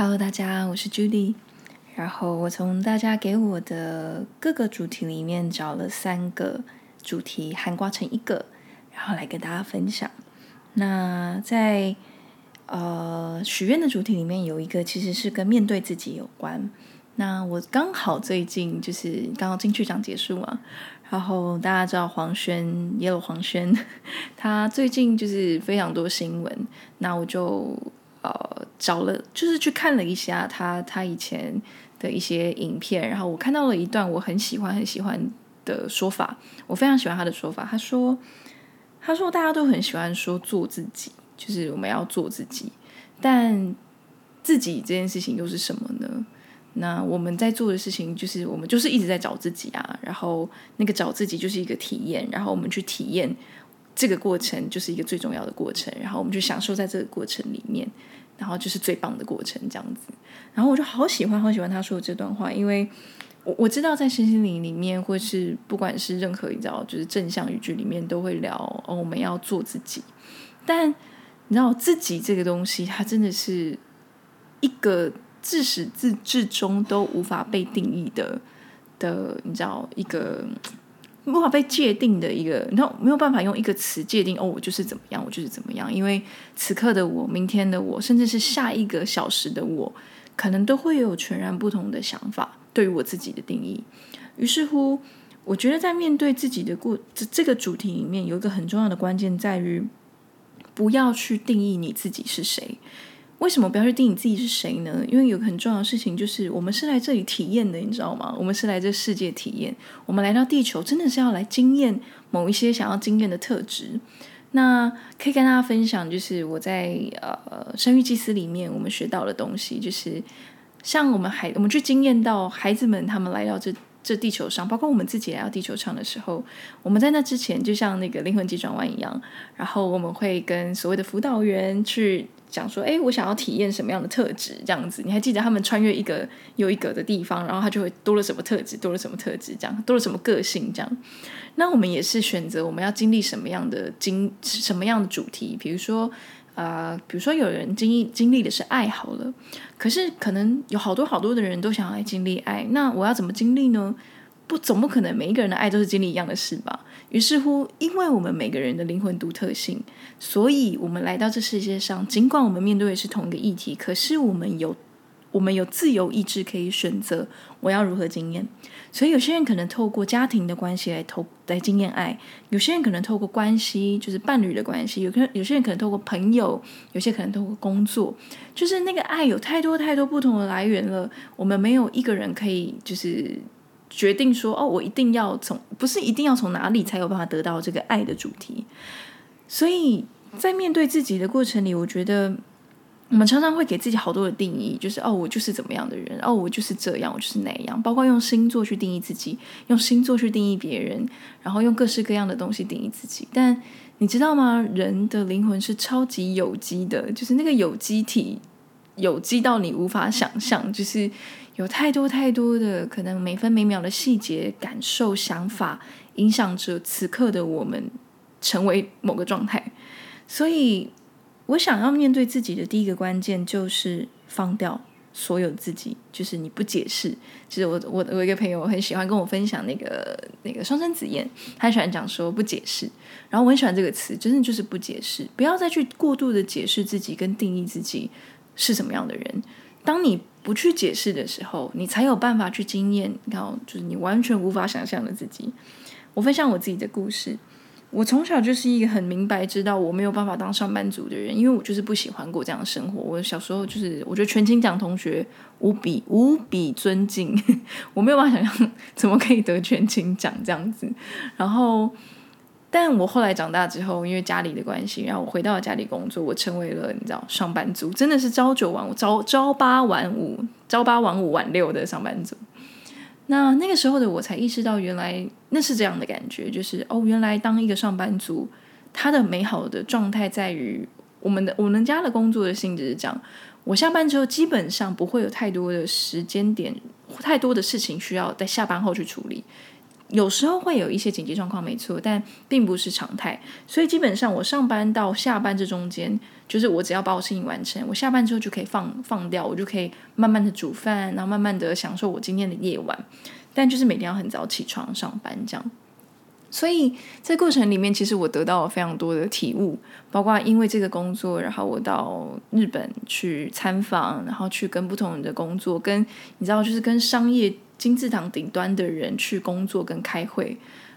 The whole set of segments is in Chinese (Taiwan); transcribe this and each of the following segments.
Hello，大家，我是 Judy 然後我從大家給我的各個主題裡面找了三個主題，涵蓋成一個，然後來跟大家分享。那在呃許願的主題裡面，有一個其實是跟面對自己有關。那我剛好最近就是剛剛金曲獎結束嘛，然後大家知道黃軒也有黃軒，他最近就是非常多新聞，那我就。呃，找了就是去看了一下他他以前的一些影片，然後我看到了一段我很喜歡很喜歡的說法，我非常喜歡他的說法。他說，他說大家都很喜歡說做自己，就是我們要做自己，但自己這件事情又是什麼呢？那我們在做的事情就是我們就是一直在找自己啊，然後那個找自己就是一個體驗，然後我們去體驗。這個過程就是一個最重要的過程，然後我們就享受在這個過程裡面，然後就是最棒的過程這樣子。然後我就好喜歡好喜歡他說的這段話，因為我我知道在身心靈裡面，或是不管是任何一道就是正向語句裡面，都會聊、哦、我們要做自己。但你知道自己這個東西，它真的是一個自始至至終都無法被定義的的，你知道一個。無法被界定的一個，那沒有辦法用一個詞界定哦，我就是怎麼樣，我就是怎麼樣，因為此刻的我、明天的我，甚至是下一個小時的我，可能都會有全然不同的想法對於我自己的定義。於是乎，我覺得在面對自己的過這這個主題裡面，有一個很重要的關鍵在於，不要去定義你自己是誰。為什麼不要去定義自己是誰呢？因為有個很重要的事情，就是我們是來這裡體驗的，你知道嗎？我們是來這世界體驗。我們來到地球，真的是要來經驗某一些想要經驗的特質。那可以跟大家分享，就是我在呃生育祭司裡面我們學到的東西，就是像我們孩，我們去經驗到孩子們他們來到這這地球上，包括我們自己來到地球上的時候，我們在那之前就像那個靈魂急轉彎一樣，然後我們會跟所謂的輔導員去。講說，誒，我想要體驗什麼樣的特質，這樣子。你還記得他們穿越一個又一個的地方，然後他就會多了什麼特質，多了什麼特質，這樣多了什麼個性，這樣。那我們也是選擇我們要經歷什麼樣的經，什麼樣的主題。比如說，啊、呃，比如說有人經歷經歷的是愛，好了。可是可能有好多好多的人都想要來經歷愛，那我要怎麼經歷呢？不，總不可能每一個人的愛都是經歷一樣的事吧。於是乎，因為我們每個人的靈魂獨特性，所以我們來到這世界上。儘管我們面對的是同一個議題，可是我們有，我們有自由意志可以選擇我要如何經驗。所以，有些人可能透過家庭的關係來投來經驗愛；有些人可能透過關係，就是伴侶的關係；有可有些人可能透過朋友，有些人可能透過工作，就是那個愛有太多太多不同的來源了。我們沒有一個人可以就是。決定說哦，我一定要從不是一定要從哪裡才有辦法得到這個愛的主題。所以在面對自己的過程裡，我覺得我們常常會給自己好多的定義，就是哦，我就是怎麼樣的人，哦，我就是這樣，我就是那樣。包括用星座去定義自己，用星座去定義別人，然後用各式各樣的東西定義自己。但你知道嗎？人的靈魂是超級有機的，就是那個有機體，有機到你無法想象，就是。有太多太多的可能，每分每秒的細節、感受、想法，影響着此刻的我們，成為某個狀態。所以我想要面對自己的第一個關鍵就是放掉所有自己，就是你不解釋。其實我、我、我的一個朋友，很喜歡跟我分享那個那個雙生子宴，他喜歡講說不解釋。然後我很喜歡這個詞，真的就是不解釋，不要再去過度的解釋自己跟定義自己是什麼樣的人。當你，不去解釋的時候，你才有辦法去經驗。然後就是你完全無法想象的自己。我分享我自己的故事。我從小就是一個很明白知道我沒有辦法當上班族的人，因為我就是不喜歡過這樣的生活。我小時候就是我覺得全勤獎同學無比無比尊敬， 我沒有辦法想象怎麼可以得全勤獎這樣子。然後。但我後來長大之後，因為家裡的關係，然後我回到家裡工作，我成為了你知道上班族，真的是朝九晚五，朝朝八晚五，朝八晚五晚六的上班族。那那個時候的我才意識到，原來那是這樣的感覺，就是哦，原來當一個上班族，他的美好的狀態在於我們的我們家的工作的性質是這樣，我下班之後基本上不會有太多的時間點，太多的事情需要在下班後去處理。有時候會有一些緊急狀況，沒錯，但並不是常態。所以基本上，我上班到下班這中間，就是我只要把我事情完成，我下班之後就可以放放掉，我就可以慢慢的煮飯，然後慢慢的享受我今天的夜晚。但就是每天要很早起床上班這樣。所以在過程裡面，其實我得到了非常多的體悟，包括因為這個工作，然後我到日本去參訪，然後去跟不同人的工作，跟你知道，就是跟商業。金字塔頂端的人去工作跟開會，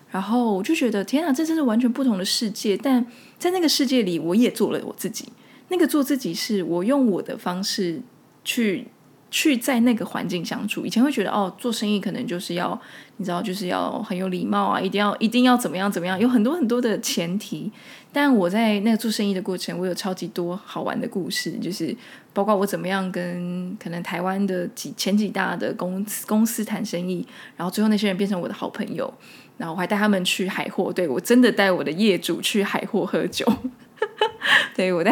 然後我就覺得天啊，這真是完全不同的世界。但在那個世界裡，我也做了我自己。那個做自己，是我用我的方式去。去在那個環境相處，以前會覺得哦，做生意可能就是要，你知道就是要很有禮貌啊，一定要一定要怎麼樣怎麼樣，有很多很多的前提。但我在那個做生意的過程，我有超級多好玩的故事，就是包括我怎麼樣跟可能台灣的幾前幾大的公公司談生意，然後最後那些人變成我的好朋友，然後我還帶他們去海貨，對我真的帶我的業主去海貨喝酒。 對我在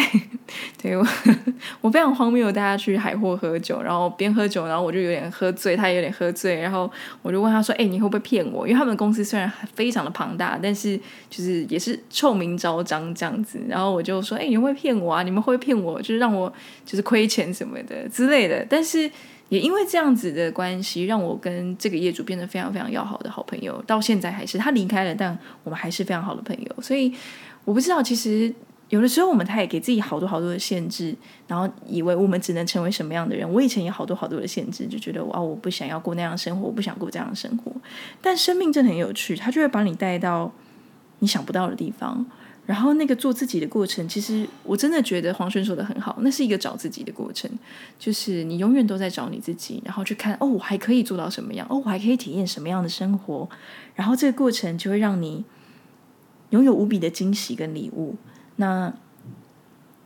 對我 我非常荒謬，我帶他去海貨喝酒，然後邊喝酒，然後我就有點喝醉，他也有點喝醉，然後我就問他說：“哎、欸，你會不會騙我？因為他們公司雖然非常的龐大，但是就是也是臭名昭彰這樣子。”然後我就說：“哎、欸，你會不會騙我啊？你們會不會騙我？就是讓我就是虧錢什麼的之類的。”但是也因為這樣子的關係，讓我跟這個業主變得非常非常要好的好朋友，到現在還是他離開了，但我們還是非常好的朋友。所以我不知道，其實。有的時候，我們他也給自己好多好多的限制，然後以為我們只能成為什麼樣的人。我以前也好多好多的限制，就覺得哇，我不想要過那樣生活，我不想過這樣的生活。但生命真的很有趣，他就會把你帶到你想不到的地方。然後那個做自己的過程，其實我真的覺得黃軒說的很好，那是一個找自己的過程，就是你永遠都在找你自己，然後去看哦，我還可以做到什麼樣？哦，我還可以體驗什麼樣的生活？然後這個過程就會讓你擁有無比的驚喜跟禮物。那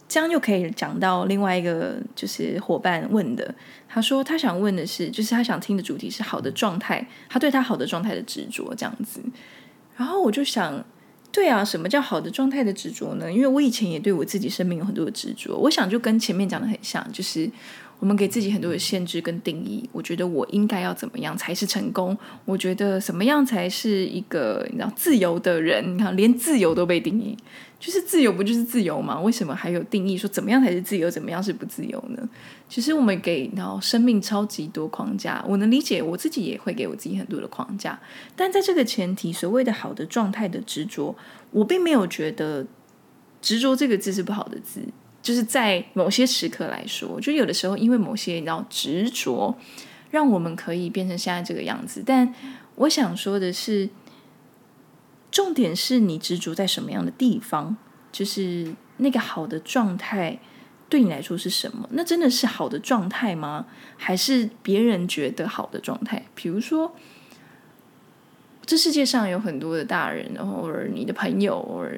這樣就可以講到另外一個，就是夥伴問的，他說他想問的是，就是他想聽的主題是好的狀態，他對他好的狀態的執着這樣子。然後我就想，對啊，什麼叫好的狀態的執着呢？因為我以前也對我自己生命有很多的執着，我想就跟前面講的很像，就是。我們給自己很多的限制跟定義。我覺得我應該要怎麼樣才是成功？我覺得什麼樣才是一個你知道自由的人？你看，連自由都被定義，就是自由不就是自由嗎？為什麼還有定義說怎麼樣才是自由，怎麼樣是不自由呢？其實我們給到生命超級多框架。我能理解，我自己也會給我自己很多的框架。但在這個前提，所謂的好的狀態的執着，我並沒有覺得執着這個字是不好的字。就是在某些時刻來說，就有的時候因為某些你要執着，讓我們可以變成現在這個樣子。但我想說的是，重點是你執着在什麼樣的地方，就是那個好的狀態對你來說是什麼？那真的是好的狀態嗎？還是別人覺得好的狀態？比如說。這世界上有很多的大人，然後或者你的朋友，或者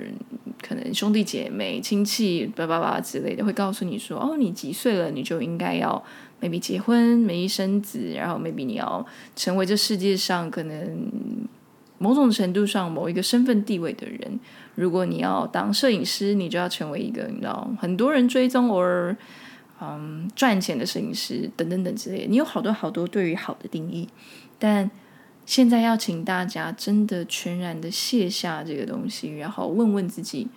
可能兄弟姐妹、親戚，巴拉巴拉之類的，會告訴你說：“哦，你幾歲了？你就應該要 maybe 結婚，maybe 生子，然後 maybe 你要成為這世界上可能某種程度上某一個身份地位的人。如果你要當攝影師，你就要成為一個你知道很多人追蹤或者嗯賺錢的攝影師等等等之類的。你有好多好多對於好的定義，但。”現在要請大家真的全然的卸下這個東西，然後問問自己：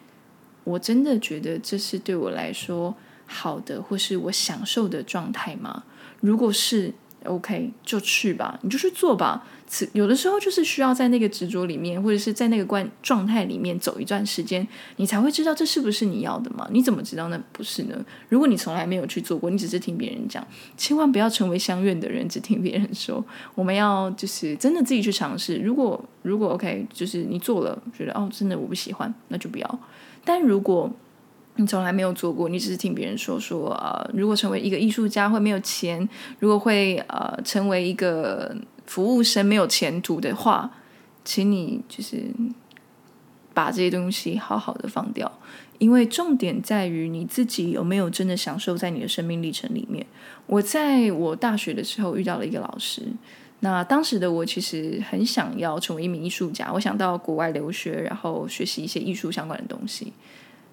我真的覺得這是對我來說好的，或是我享受的狀態嗎？如果是，OK，就去吧，你就去做吧。此有的時候就是需要在那個執着裡面，或者是在那個關狀態裡面走一段時間，你才會知道這是不是你要的嘛。你怎麼知道那不是呢？如果你從來沒有去做過，你只是聽別人講，千萬不要成為鄉願的人，只聽別人說。我們要就是真的自己去嘗試。如果如果 OK，就是你做了，覺得哦，真的我不喜歡，那就不要。但如果你從來沒有做過，你只是聽別人說說啊、呃。如果成為一個藝術家會沒有錢，如果會呃成為一個服務生沒有前途的話，請你就是把這些東西好好的放掉，因為重點在於你自己有沒有真的享受在你的生命歷程裡面。我在我大學的時候遇到了一個老師，那當時的我其實很想要成為一名藝術家，我想到國外留學，然後學習一些藝術相關的東西。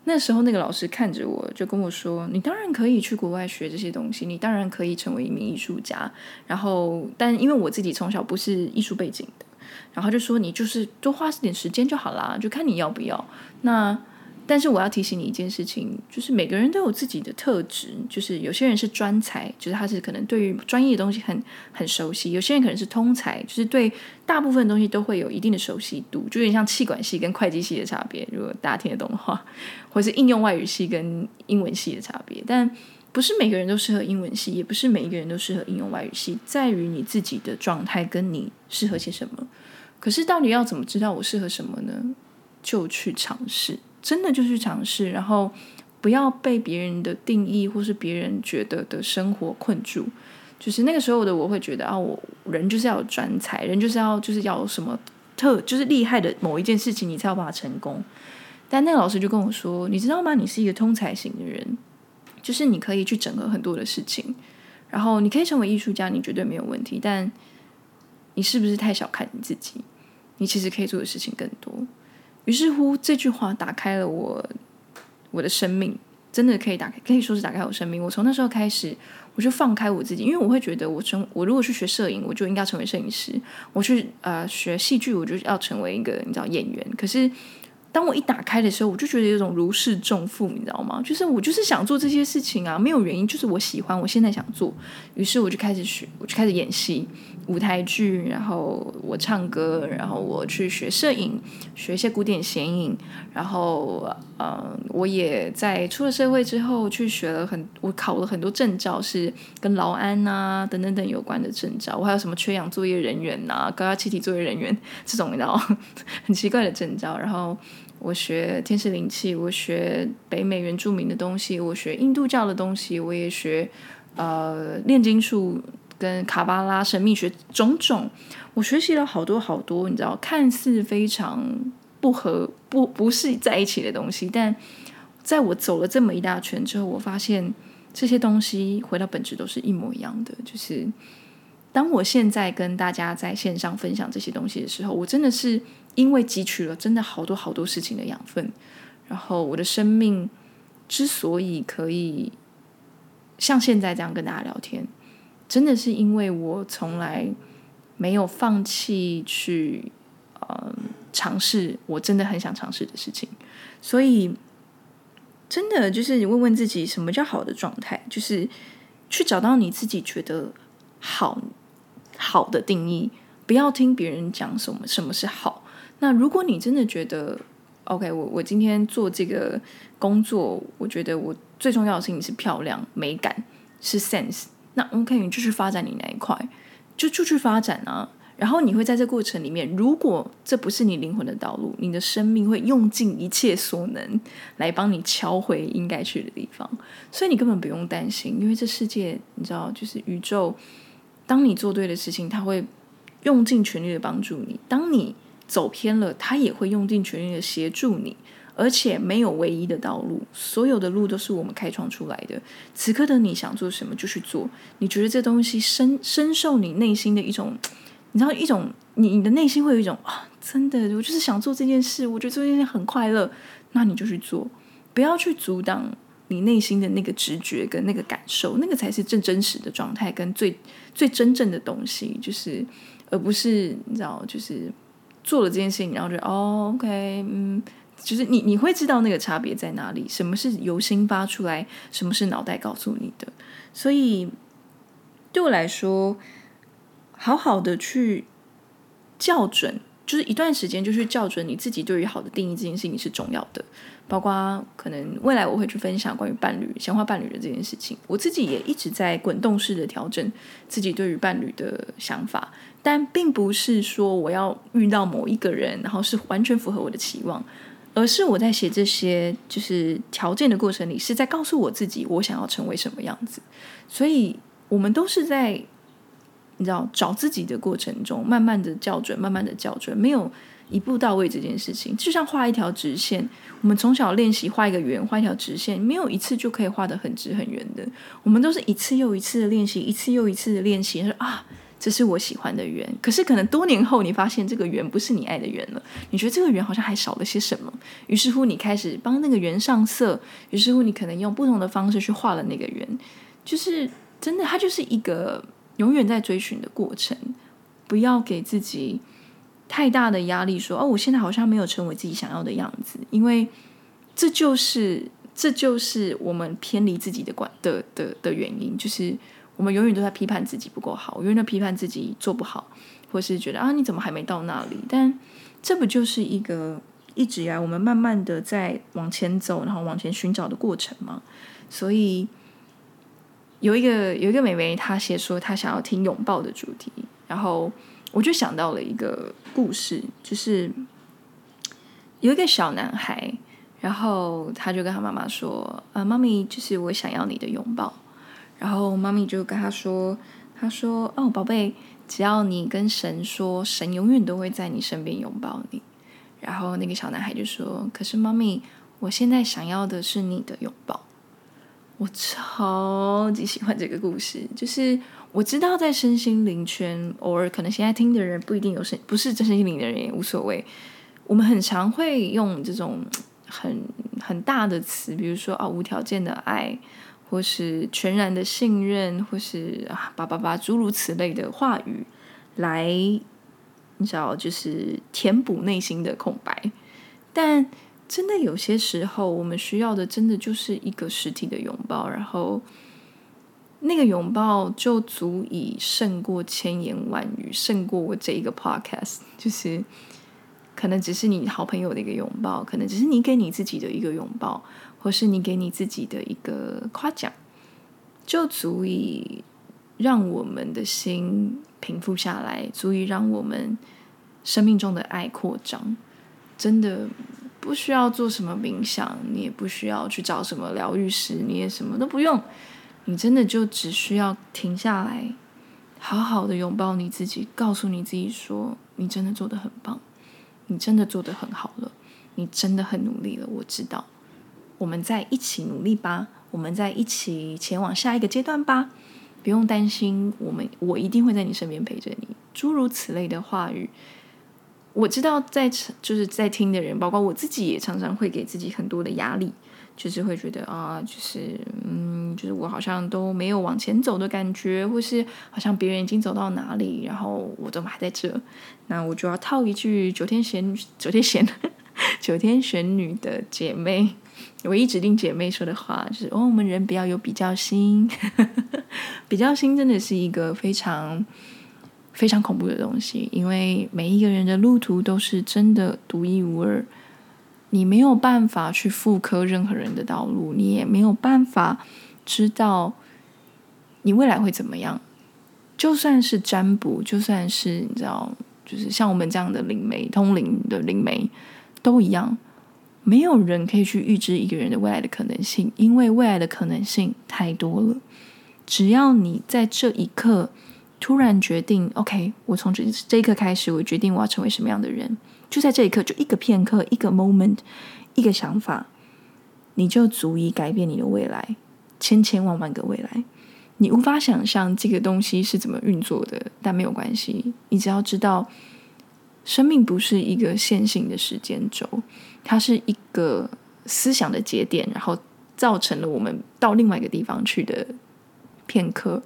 那時候那個老師看着我就跟我說：“你當然可以去國外學這些東西，你當然可以成為一名藝術家。”然後，但因為我自己從小不是藝術背景的，然後就說：“你就是多花點時間就好啦，就看你要不要。”那。但是我要提醒你一件事情，就是每個人都有自己的特質，就是有些人是專才，就是他是可能對於專業的東西很很熟悉；有些人可能是通才，就是對大部分東西都會有一定的熟悉度，就有點像企管系跟會計系的差別，如果大家聽得懂的話，或是應用外語系跟英文系的差別。但不是每個人都適合英文系，也不是每一個人都適合應用外語系，在於你自己的狀態跟你適合些什麼。可是到底要怎麼知道我適合什麼呢？就去嘗試。真的就去嘗試，然後不要被別人的定義或是別人覺得的生活困住。就是那個時候的我，會覺得啊，我人就是要專才，人就是要就是要有什麼特，就是厲害的某一件事情，你才有辦法成功。但那個老師就跟我說：“你知道嗎？你是一個通才型的人，就是你可以去整合很多的事情，然後你可以成為藝術家，你絕對沒有問題。但你是不是太小看你自己？你其實可以做的事情更多。”於是乎，這句話打開了我，我的生命真的可以打開，可以說是打開我生命。我從那時候開始，我就放開我自己，因為我會覺得，我成我如果去學攝影，我就應該要成為攝影師；我去呃學戲劇，我就要成為一個你知道演員。可是當我一打開的時候，我就覺得有種如釋重負，你知道嗎？就是我就是想做這些事情啊，沒有原因，就是我喜歡，我現在想做。於是我就開始學，我就開始演戲。舞台劇，然後我唱歌，然後我去學攝影，學一些古典顯影，然後嗯、呃，我也在出了社會之後去學了很，我考了很多證照，是跟勞安啊等等等有關的證照。我還有什麼缺氧作業人員啊，高壓氣體作業人員這種你知道 很奇怪的證照。然後我學天使靈氣，我學北美原住民的東西，我學印度教的東西，我也學呃煉金術。跟卡巴拉神秘學種種，我學習了好多好多，你知道，看似非常不合，不不是在一起的東西，但在我走了這麼一大圈之後，我發現這些東西回到本質都是一模一樣的。就是當我現在跟大家在線上分享這些東西的時候，我真的是因為汲取了真的好多好多事情的養分，然後我的生命之所以可以像現在這樣跟大家聊天，真的是因為我從來沒有放棄去嗯、呃、嘗試我真的很想嘗試的事情，所以真的就是你問問自己什麼叫好的狀態，就是去找到你自己覺得好好的定義，不要聽別人講什麼什麼是好。那如果你真的覺得 OK，我我今天做這個工作，我覺得我最重要的事情是漂亮、美感是 sense。那 OK，你就去發展你那一塊，就就去發展啊。然後你會在這過程裡面，如果這不是你靈魂的道路，你的生命會用盡一切所能來幫你敲回應該去的地方。所以你根本不用擔心，因為這世界你知道，就是宇宙。當你做對的事情，它會用盡全力的幫助你；當你走偏了，它也會用盡全力的協助你。而且沒有唯一的道路，所有的路都是我們開創出來的。此刻的你想做什麼就去做，你覺得這東西深深受你內心的一種，你知道一種你你的內心會有一種啊，真的我就是想做這件事，我覺得做這件事很快樂，那你就去做，不要去阻擋你內心的那個直覺跟那個感受，那個才是最真，真實的狀態跟最最真正的東西，就是而不是你知道，就是做了這件事情，然後覺得哦，OK，嗯。就是你你會知道那個差別在哪裡？什麼是由心發出來，什麼是腦袋告訴你的？所以對我來說，好好的去校準，就是一段時間就去校準你自己對於好的定義這件事情是重要的。包括可能未來我會去分享關於伴侶、顯化伴侶的這件事情。我自己也一直在滾動式的調整自己對於伴侶的想法，但並不是說我要遇到某一個人，然後是完全符合我的期望。而是我在寫這些就是條件的過程裡，是在告訴我自己，我想要成為什麼樣子。所以，我們都是在你知道找自己的過程中，慢慢的校準，慢慢的校準，沒有一步到位這件事情。就像畫一條直線，我們從小練習畫一個圓，畫一條直線，沒有一次就可以畫得很直很圓的。我們都是一次又一次的練習，一次又一次的練習。啊。這是我喜歡的圓，可是可能多年後，你發現這個圓不是你愛的圓了。你覺得這個圓好像還少了些什麼。於是乎，你開始幫那個圓上色。於是乎，你可能用不同的方式去畫了那個圓。就是真的，它就是一個永遠在追尋的過程。不要給自己太大的壓力說，說哦，我現在好像沒有成為自己想要的樣子，因為這就是這就是我們偏離自己的管的的的原因，就是。我們永遠都在批判自己不夠好，我永遠都批判自己做不好，或是覺得啊，你怎麼還沒到那裡？但這不就是一個一直以來，我們慢慢的在往前走，然後往前尋找的過程嗎？所以有一個有一個妹妹，她寫說她想要聽擁抱的主題，然後我就想到了一個故事，就是有一個小男孩，然後他就跟他媽媽說啊，媽咪，就是我想要你的擁抱。然後媽咪就跟他說：“他說哦，寶貝，只要你跟神說，神永遠都會在你身邊擁抱你。”然後那個小男孩就說：“可是媽咪，我現在想要的是你的擁抱。”我超級喜歡這個故事，就是我知道在身心靈圈，偶爾可能現在聽的人不一定有身，不是真心靈的人也無所謂。我們很常會用這種很很大的詞，比如說哦，無條件的愛。或是全然的信任，或是啊，叭叭叭，諸如此類的話語，來，你知道，就是填補內心的空白。但真的有些時候，我們需要的，真的就是一個實體的擁抱，然後那個擁抱就足以勝過千言萬語，勝過我這一個 podcast。就是可能只是你好朋友的一個擁抱，可能只是你給你自己的一個擁抱。或是你給你自己的一個誇獎，就足以讓我們的心平復下來，足以讓我們生命中的愛擴張。真的不需要做什麼冥想，你也不需要去找什麼療癒師，你也什麼都不用。你真的就只需要停下來，好好的擁抱你自己，告訴你自己說：“你真的做得很棒，你真的做得很好了，你真的很努力了。”我知道。我們在一起努力吧，我們在一起前往下一個階段吧。不用擔心，我們我一定會在你身邊陪着你。諸如此類的話語，我知道在就是在聽的人，包括我自己，也常常會給自己很多的壓力，就是會覺得啊，就是嗯，就是我好像都沒有往前走的感覺，或是好像別人已經走到哪裡，然後我都還在這？那我就要套一句九天玄九天玄九天玄女的姐妹，我一直聽姐妹說的話就是：哦，我們人不要有比較心， 比較心真的是一個非常非常恐怖的東西。因為每一個人的路途都是真的獨一無二，你沒有辦法去複刻任何人的道路，你也沒有辦法知道你未來會怎麼樣。就算是占卜，就算是你知道，就是像我們這樣的靈媒、通靈的靈媒，都一樣。沒有人可以去預知一個人的未來的可能性，因為未來的可能性太多了。只要你在這一刻突然決定，OK，我從這，這一刻開始，我決定我要成為什麼樣的人。就在這一刻，就一個片刻，一個 moment，一個想法，你就足以改變你的未來，千千萬萬個未來。你無法想象這個東西是怎麼運作的，但沒有關係，你只要知道，生命不是一個線性的時間軸。它是一個思想的節點，然後造成了我們到另外一個地方去的片刻。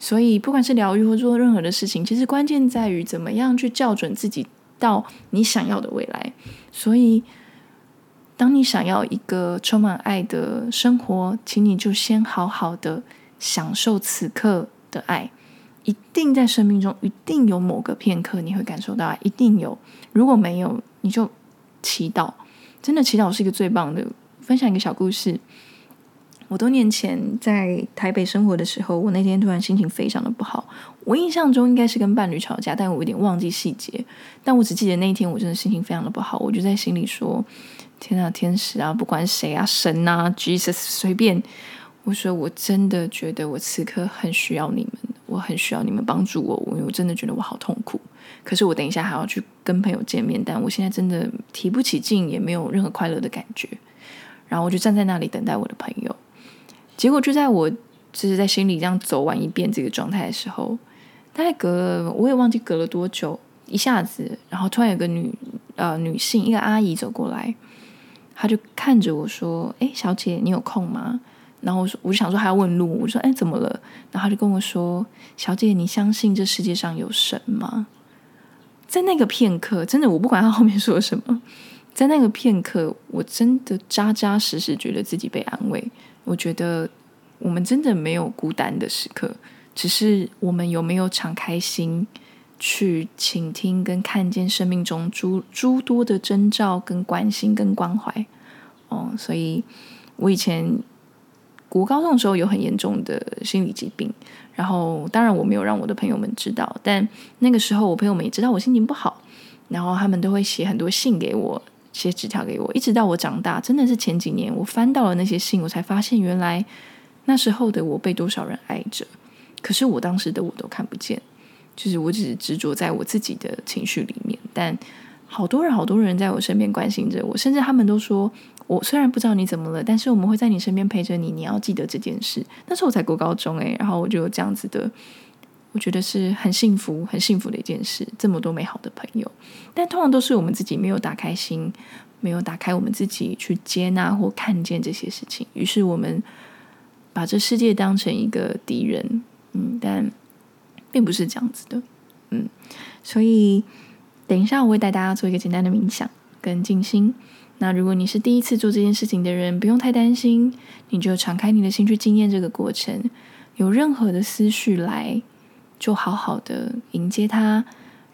所以，不管是療癒或做任何的事情，其實關鍵在於怎麼樣去校準自己到你想要的未來。所以，當你想要一個充滿愛的生活，請你就先好好的享受此刻的愛。一定在生命中，一定有某個片刻你會感受到，一定有。如果沒有，你就祈禱。真的祈禱是一個最棒的。分享一個小故事，我多年前在台北生活的時候，我那天突然心情非常的不好。我印象中應該是跟伴侶吵架，但我有點忘記細節，但我只記得那一天我真的心情非常的不好。我就在心裡說：“天啊，天使啊，不管誰啊，神啊，Jesus，隨便。”我說：“我真的覺得我此刻很需要你們，我很需要你們幫助我，我因為我真的覺得我好痛苦。”可是我等一下還要去跟朋友見面，但我現在真的提不起勁，也沒有任何快樂的感覺。然後我就站在那裡等待我的朋友。結果就在我就是在心裡這樣走完一遍這個狀態的時候，大概隔了我也忘記隔了多久，一下子，然後突然有個女呃女性一個阿姨走過來，她就看着我說：“哎，小姐，你有空嗎？”然後我說我就想說還要問路，我說：“哎，怎麼了？”然後她就跟我說：“小姐，你相信這世界上有神嗎？”在那個片刻，真的，我不管他後面說什麼，在那個片刻，我真的扎扎實實覺得自己被安慰。我覺得我們真的沒有孤單的時刻，只是我們有沒有敞開心去傾聽跟看見生命中諸諸多的徵兆、跟關心、跟關懷。哦、嗯，所以我以前國高中的時候有很嚴重的心理疾病。然後，當然我沒有讓我的朋友們知道，但那個時候我朋友們也知道我心情不好，然後他們都會寫很多信給我，寫紙條給我，一直到我長大，真的是前幾年我翻到了那些信，我才發現原來那時候的我被多少人愛着，可是我當時的我都看不見，就是我只執着在我自己的情緒裡面，但好多人好多人在我身邊關心着我，甚至他們都說。我雖然不知道你怎麼了，但是我們會在你身邊陪着你。你要記得這件事。那時候我才讀高中誒、欸，然後我就有這樣子的，我覺得是很幸福、很幸福的一件事。這麼多美好的朋友，但通常都是我們自己沒有打開心，沒有打開我們自己去接納或看見這些事情。於是我們把這世界當成一個敵人。嗯，但並不是這樣子的。嗯，所以等一下我會帶大家做一個簡單的冥想跟靜心。那如果你是第一次做這件事情的人，不用太擔心，你就敞開你的心去經驗這個過程。有任何的思緒來，就好好的迎接它，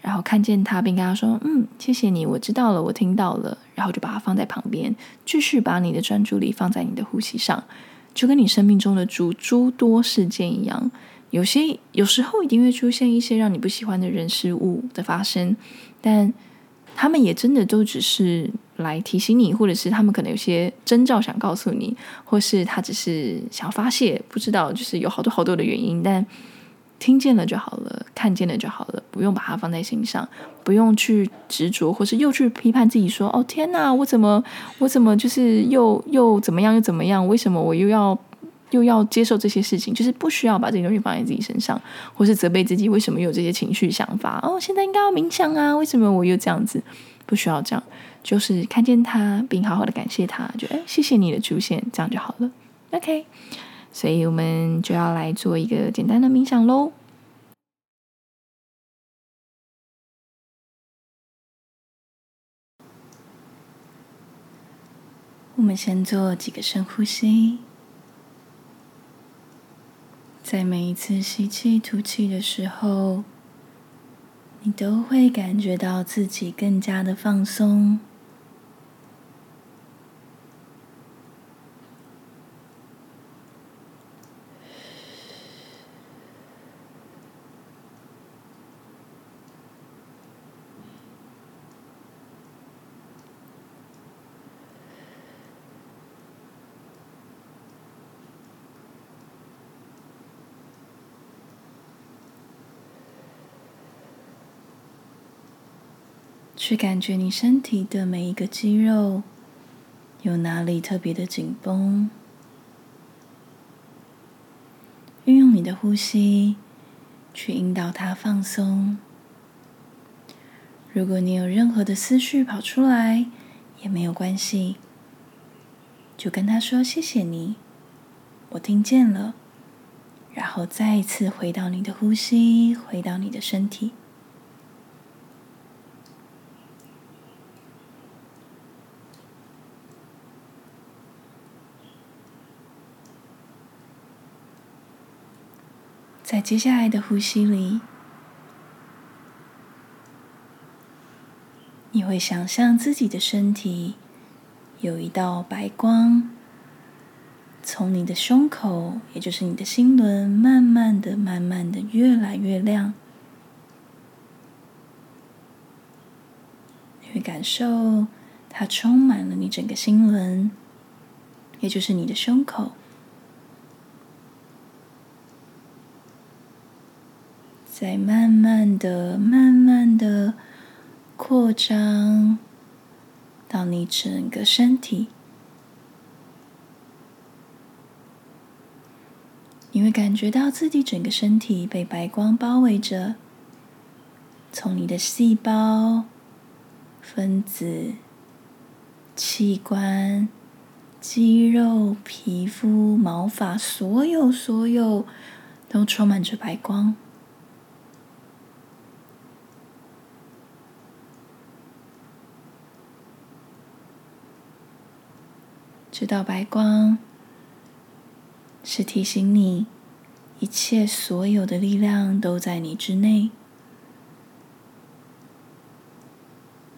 然後看見它，並跟它說：“嗯，謝謝你，我知道了，我聽到了。”然後就把它放在旁邊，繼續把你的專注力放在你的呼吸上。就跟你生命中的諸諸多事件一樣，有些有時候一定會出現一些讓你不喜歡的人事物的發生，但他們也真的都只是。來提醒你，或者是他們可能有些徵兆想告訴你，或是他只是想發洩，不知道就是有好多好多的原因。但聽見了就好了，看見了就好了，不用把它放在心上，不用去執着，或是又去批判自己說：“哦天哪，我怎麼，我怎麼就是又，又怎麼樣，又怎麼樣？為什麼我又要？”又要接受這些事情，就是不需要把這些東西放在自己身上，或是責備自己為什麼有這些情緒想法。哦，現在應該要冥想啊！為什麼我又這樣子？不需要這樣，就是看見他，並好好的感謝他，就哎，謝謝你的出現，這樣就好了。OK，所以我們就要來做一個簡單的冥想嘍。我們先做幾個深呼吸。在每一次吸氣、吐氣的時候，你都會感覺到自己更加的放鬆。去感覺你身體的每一個肌肉有哪裡特別的緊繃，運用你的呼吸去引導它放鬆。如果你有任何的思緒跑出來，也沒有關係，就跟他說：“謝謝你，我聽見了。”然後再一次回到你的呼吸，回到你的身體。接下來的呼吸裡，你會想象自己的身體有一道白光，從你的胸口，也就是你的心輪，慢慢的、慢慢的越來越亮。你會感受它充滿了你整個心輪，也就是你的胸口。在慢慢的、慢慢的擴張到你整個身體，你會感覺到自己整個身體被白光包圍着，從你的細胞、分子、器官、肌肉、皮膚、毛髮，所有所有都充滿着白光。這道白光是提醒你，一切所有的力量都在你之內，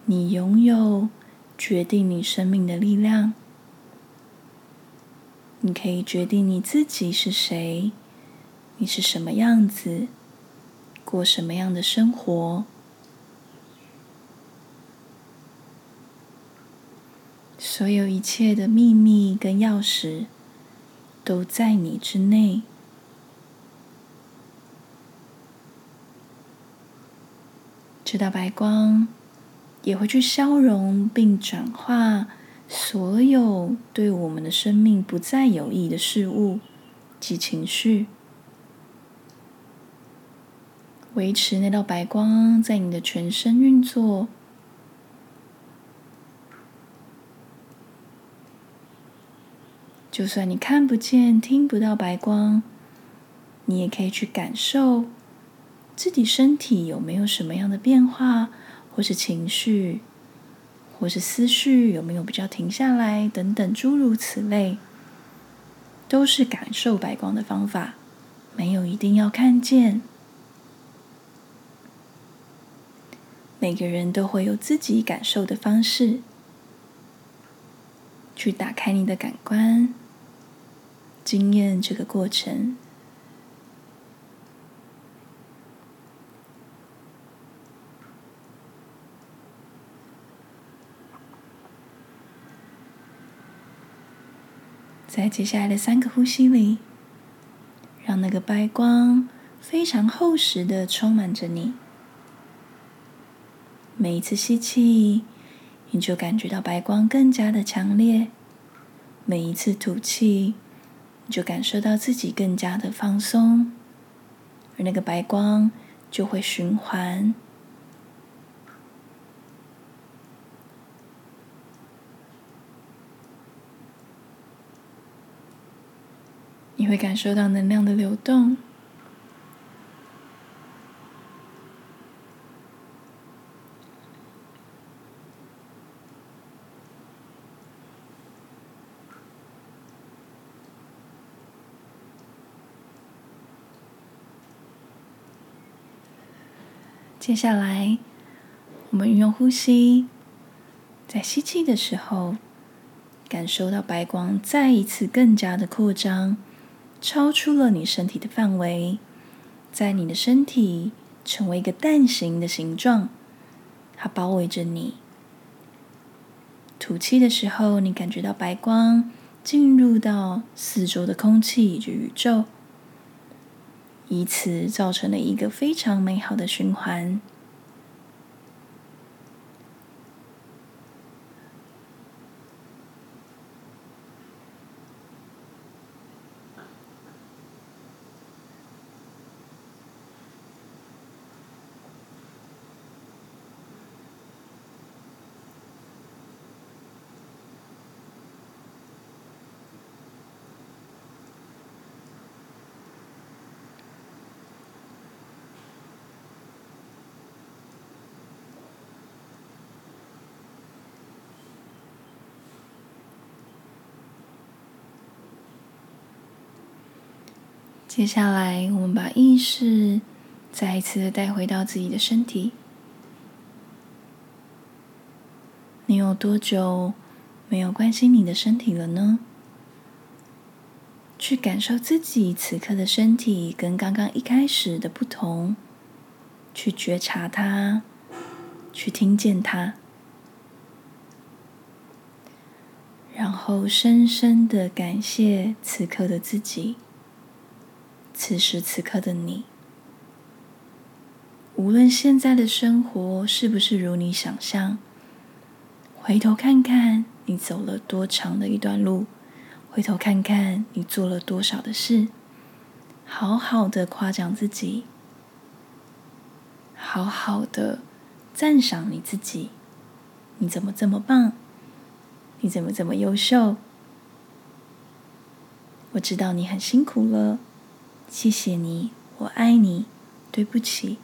你擁有決定你生命的力量，你可以決定你自己是誰，你是什麼樣子，過什麼樣的生活。所有一切的秘密跟鑰匙都在你之內。這道白光也會去消融並轉化所有對我們的生命不再有益的事物及情緒。維持那道白光在你的全身運作。就算你看不見、聽不到白光，你也可以去感受自己身體有沒有什麼樣的變化，或是情緒，或是思緒有沒有比較停下來等等，諸如此類，都是感受白光的方法。沒有一定要看見，每個人都會有自己感受的方式，去打開你的感官。經驗這個過程，在接下來的三個呼吸裡，讓那個白光非常厚實的充滿着你。每一次吸氣，你就感覺到白光更加的強烈；每一次吐氣，你就感受到自己更加的放鬆，而那個白光就會循環。你會感受到能量的流動。接下來，我們運用呼吸，在吸氣的時候，感受到白光再一次更加的擴張，超出了你身體的範圍，在你的身體成為一個蛋形的形狀，它包圍着你。吐氣的時候，你感覺到白光進入到四周的空氣以及宇宙。以此造成了一個非常美好的循環。接下來，我們把意識再一次的帶回到自己的身體。你有多久沒有關心你的身體了呢？去感受自己此刻的身體跟剛剛一開始的不同，去覺察它，去聽見它，然後深深的感謝此刻的自己。此時此刻的你，無論現在的生活是不是如你想象，回頭看看你走了多長的一段路，回頭看看你做了多少的事，好好的誇獎自己，好好的讚賞你自己。你怎麼這麼棒？你怎麼這麼優秀？我知道你很辛苦了。謝謝你，我愛你，對不起。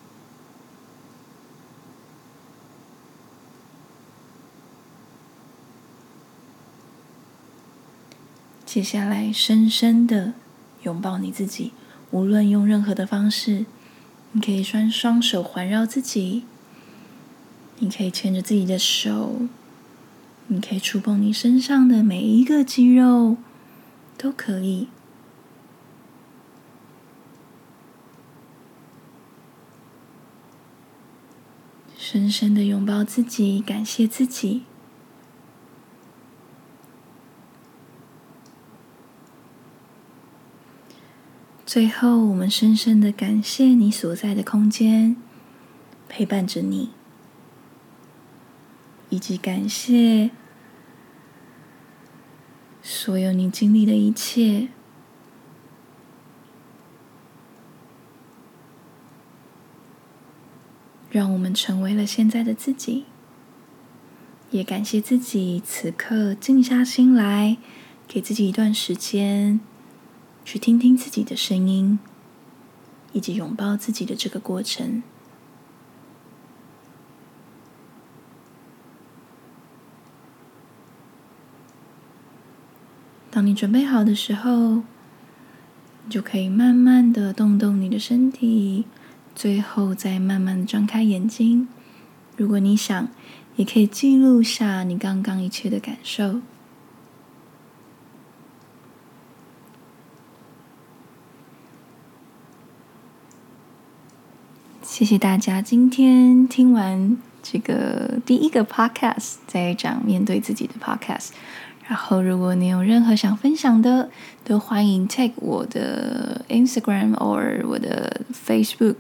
接下來，深深的擁抱你自己，無論用任何的方式，你可以雙雙手環繞自己，你可以牽着自己的手，你可以觸碰你身上的每一個肌肉，都可以。深深的擁抱自己，感謝自己。最後，我們深深的感謝你所在的空間，陪伴着你，以及感謝所有你經歷的一切。讓我們成為了現在的自己，也感謝自己此刻靜下心來，給自己一段時間，去聽聽自己的聲音，以及擁抱自己的這個過程。當你準備好的時候，你就可以慢慢的動動你的身體。最後再慢慢的張開眼睛。如果你想，也可以記錄下你剛剛一切的感受。謝謝大家今天聽完這個第一個 podcast，在講面對自己的 podcast。然後，如果你有任何想分享的，都歡迎 check 我的 Instagram 或我的 Facebook。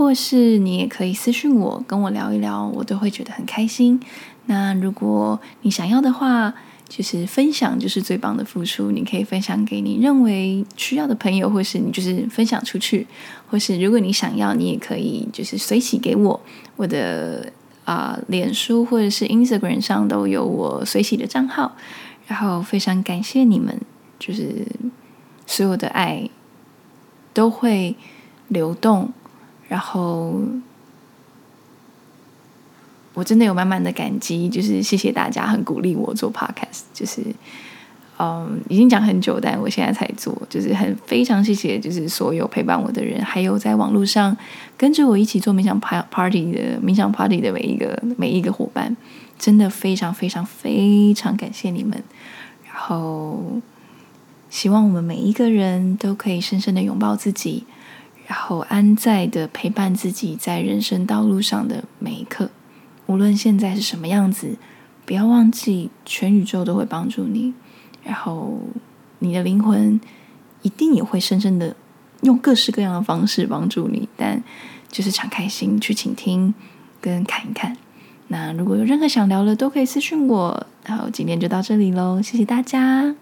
或是你也可以私信我，跟我聊一聊，我都會覺得很開心。那如果你想要的話，就是分享就是最棒的付出，你可以分享給你認為需要的朋友，或是你就是分享出去，或是如果你想要，你也可以就是隨喜給我。我的啊、呃，臉書或者是 Instagram 上都有我隨喜的賬號。然後非常感謝你們，就是所有的愛都會流動。然後，我真的有滿滿的感激，就是謝謝大家很鼓勵我做 podcast，就是嗯，已經講很久，但我現在才做，就是很非常謝謝，就是所有陪伴我的人，還有在網絡上跟着我一起做冥想 par party 的冥想 party 的每一個每一個伙伴，真的非常非常非常感謝你們。然後，希望我們每一個人都可以深深的擁抱自己。然後安在的陪伴自己在人生道路上的每一刻，無論現在是什麼樣子，不要忘記，全宇宙都會幫助你，然後你的靈魂一定也會深深的用各式各樣的方式幫助你。但就是敞開心去傾聽跟看一看。那如果有任何想聊的，都可以私訊我。然後今天就到這裡嘍，謝謝大家。